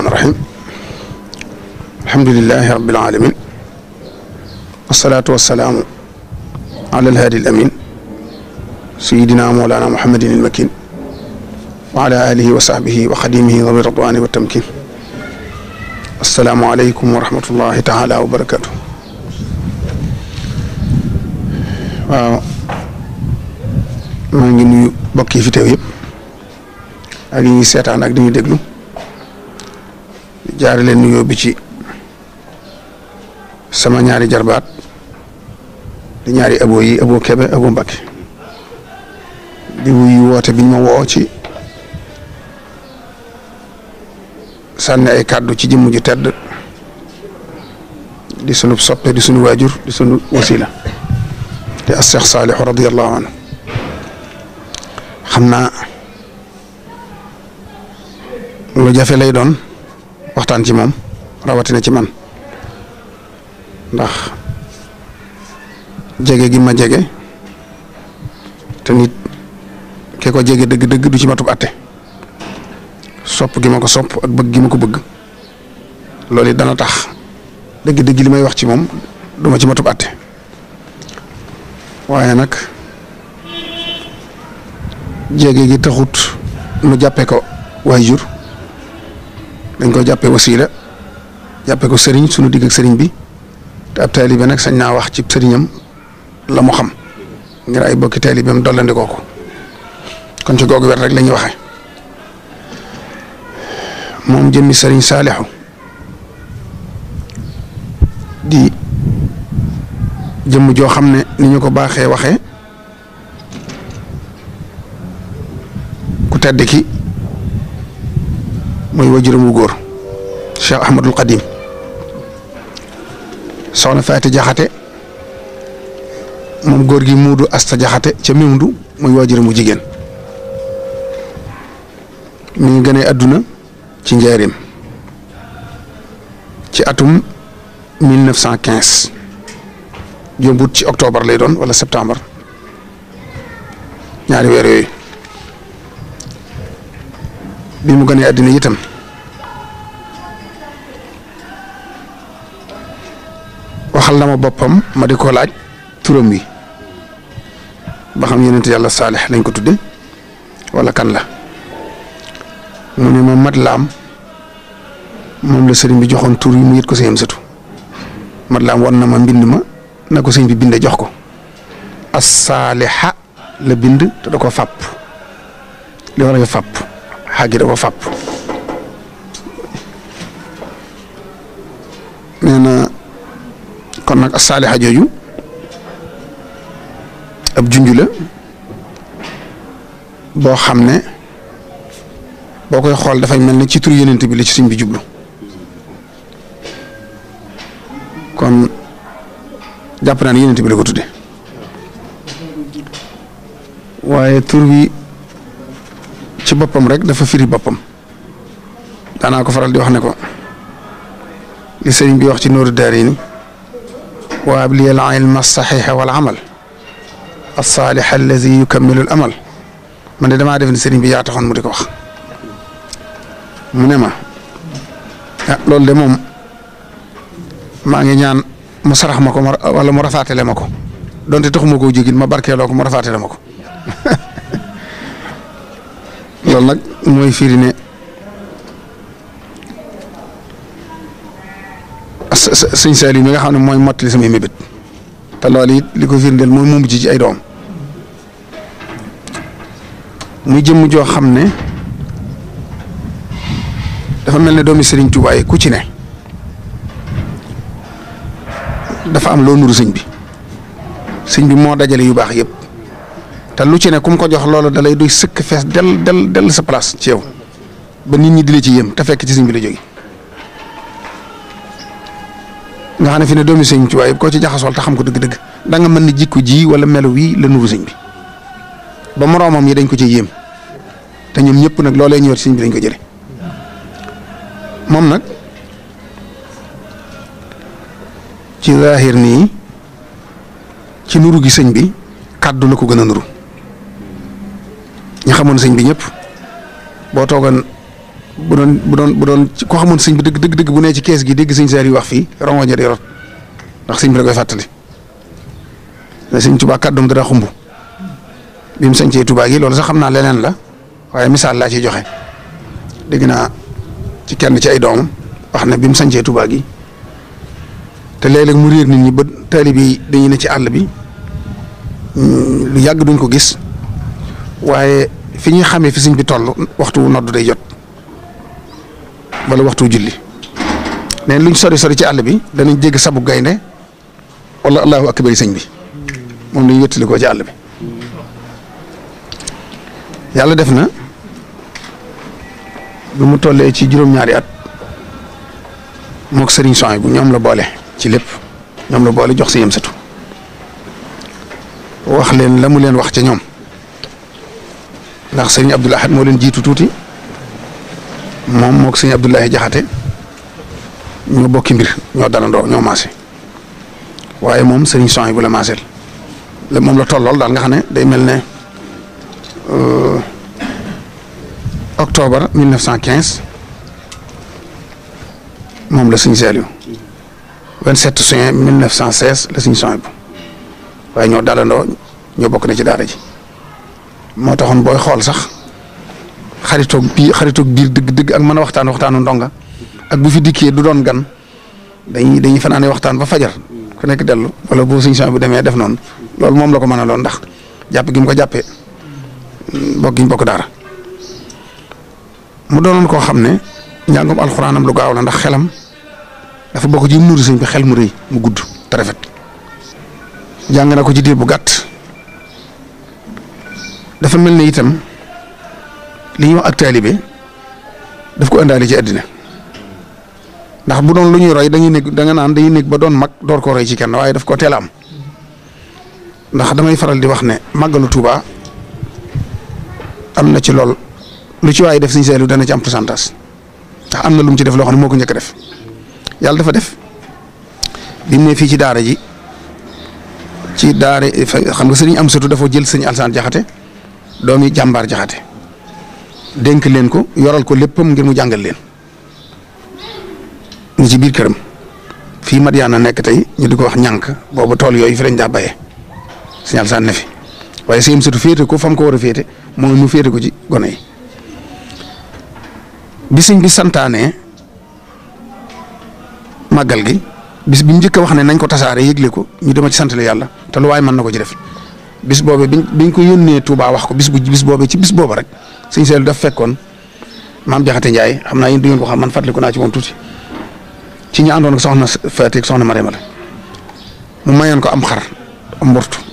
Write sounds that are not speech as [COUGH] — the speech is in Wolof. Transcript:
rahmaani rahiim alhamdulilahi rabbil aalamiin wasalaatu wasalaamu ala alhaadi al amiin sayidina moolaana muhammadin il makiin wa ala aalihi wa sahbihi wa xadimihi wa bi ridwaani wa tamkiin assalaamu aleykum wa rahmatullahi taala wa barakaatu waaw maa ngi nuyu bokk yi fi teew yëpp ak yi ñuy seetaan ak di ñu déglu jaare leen nuyoo bi ci sama ñaari jarbaat di ñaari abo yi abo kebe abo mbakke di wuyu woote biñ ma woo ci sànni ay kàddu ci jëmm ju tedd di sunu soppe di sunu waajur di sunu wasila di as Seex Saalixu radiyallahu anhu xam naa lu jafe lay doon waxtaan ci moom rawatina ci man ndax jege gi ma jege te keko jege dëgg-dëgg du ci matub atte sopp gi ma ko sopp ak bëgg gi ko bëgg loolu dana tax dëgg-dëgg li may wax ci moom du ma ci matub atte waaye nag jege gi taxut nu jàppee ko waajur dañ ko jàppee wasiila jàppee ko sëriñ sunu digg ak sëriñ bi te ab taalibe nag sañ naa wax cib sëriñam la mu xam ngir ay bokki taalibeem dollandikoo ko kon ci googu wet rek lañuy waxe moom jëmmi sëriñ Saalixu di jëmm joo xam ne ni ñu ko baaxee waxe ku tedd ki mooy wajuram wu góor Cheikh Ahmadul Qadim soxna Faati Jaxate moom góor gi muudu asta jaxate ca Mewndu muy wajuram wu jigéen mi ngi gënee àdduna ci njaareem ci atum 1915 jombut ci octobre lay doon walla septembre ñaari weer yooyu bi mu gënee àddina itam waxal na ma boppam ma di ko laaj turam wi ba xam yonent yàlla saalix lañ ko tudde wala kan la mu ne ma mat laam moom la sëriñ bi joxoon tur yi mu yët ko sëñam sëtu mat laam wan na ma mbind ma na ko sëñ bi binde jox ko as saalixa la bind te da ko fàpp li war a fàpp xàggi da boo fàpp nee na kon nag saalixa jooju ab junj la boo xam ne boo koy xool dafay mel ne ci tur yenent bi ci suñ bi jublu kon jàpp naa ne yenent ko tudde waaye tur ci boppam rek dafa firi boppam daanaa ko faral di wax ne ko li sëriñ bi wax ci nooru daarini wa abliyal ilma saxiixa wal amal alsaalix allazi yukammilu al amal ma ne damaa def ni sëriñ bi yaa taxoon mu di ko wax mu ne ma ah loolu de moom maa ngi ñaan mu sarax ma ko wala mu rafaatale ma ko donte ma koo jógin ma barkeeloo ko mu rafaatale ma ko [LAUGHS] loolu nag mooy firi ne sëñ Saliou mi nga xam ne mooy mottali samay mébét te loolu it li ko firndeel mooy mu mujj ci ay doom muy jëmm joo xam ne dafa mel ne doomi Serigne Touba ku ci ne dafa am loo nuru sëñ bi sëñ bi moo dajale yu baax yëpp. te lu ci ne ku mu ko jox loolu dalay lay doy sëkk fees del del del sa place ci yow ba nit ñi di la ci yëm te fekk ci sëñ bi la jóge nga xam ne fi ne doomi sëñ Tuubaa koo ci jaxasool te xam ko dëgg-dëgg da nga mën na ji wala melo wii la nuru sëñ bi ba moroomam yi dañ ko ci yéem te ñoom ñëpp nag loolee ñëwaat sëñ bi dañ ko jële moom nag ci zaahir nii ci nuru gi sëñ bi kàddu la ko gën a nuru ñi xamoon sëñ bi ñëpp boo toogoon bu doon bu doon bu doon ko xamoon sëñ bi dëgg dëgg dëgg bu nee ci kees gi dégg sëñ saar yi wax fii rongo ña rot ndax sëñ bi da fàttali ne sëñ Tuubaa kàddum dara xumb bi mu sañcee Tuubaa xam naa leneen la waaye misaal laa ciy joxe dégg naa ci kenn ci ay doomam wax ne bi mu sañcee Tuubaa gi te léeg-léeg mu réer nit ñi ba taalib bi dañuy ne ci àll bi mm, lu yàgg duñ ko gis waaye fi ñuy xamee fi sëñ bi toll waxtu wu nodd day jot wala waxtu wu julli nee luñ sori sori ci àll bi danañ jégg sabu gaynde wala allahu akbar sëñ bi moom la ñu wéttali ci àll bi yàlla def na lu mu tollee ci juróom-ñaari at mook sëriñ yi bu ñoom la boole ci lépp ñoom la boole jox si yem satu wax leen la mu leen wax ca ñoom ndax sëñ Abdoul Ahad moo leen jiitu tuuti moom moog sëriñ Abdoulaye Jaxate ñoo bokki mbir ñoo dalandoo ñoo maase waaye moom sëriñ Sohibu bu la maaseel la moom la tollool daal nga xam ne day mel ne euh, octobre 1915 moom la sëriñ Saliou 27 juin 1916 la sëriñ Sohibu waaye ñoo dalandoo ñoo bokk na ci daara ji moo taxoon booy xool sax xaritoog bii xaritoog biir dëgg-dëgg ak man a waxtaan waxtaanu ndonga ak bu fi dikkee du doon gan dañ dañuy fanaane waxtaan ba fajar ku nekk dellu wala boo bu suñ bu demee def noonu loolu moom la ko mën a doon ndax jàpp gi mu ko jàppee bokk gi bokk daara mu doonoon koo xam ne njàngum alxuraanam lu gaaw la ndax xelam dafa bokk ji nuru sëñ bi xel mu rëy mu gudd te rafet jàng na ko ci diir bu gàtt. dafa mel ni itam li ñuy wax ak taalibe daf ko indaale ci àddina ndax bu doon lu ñuy roy dañuy nekk da naan dañuy néeg ba doon mag door ko roy ci kenn waaye daf ko teel am ndax damay faral di wax ne màggalu Tuuba am na ci lool lu ci waaye def Sëñ Saaliw dana ci am pourcentage ndax am na lu ci def loo xam ne moo ko njëkk a def yàlla dafa def bi mu ne fii ci daara ji ci daara xam nga sëriñ am sëtu dafa jël sëñ Alsaan Jaxate doomi jàmbaar jaxate dénk leen ko yoral ko léppam ngir mu jàngal leen ñu ci biir këram fii Madiyana nekk tey ñu di ko wax ñànk boobu tool yooyu fi lañ daa bayee signal saan ne fi waaye sëñ sëtu féete ko fam ko war a féete mooy mu féete ko ci gone yi bi sëñ maggal gi bis bi mu njëkk wax ne nañ ko tasaare yëgle ko ñu dama ci sant yàlla te lu waaye mën na ko ci def. bis boobu biñ biñ ko yónnee Touba wax ko bis bu bis boobu ci bis boobu rek sëñ Saliou daf fekkoon maam Jaxate Njaay xam naa yéen du ngeen ko xam man fàttaliku naa ci moom tuuti ci ñu àndoon ak soxna Fatick soxna Mariama la mu mayoon ko am xar am mbortu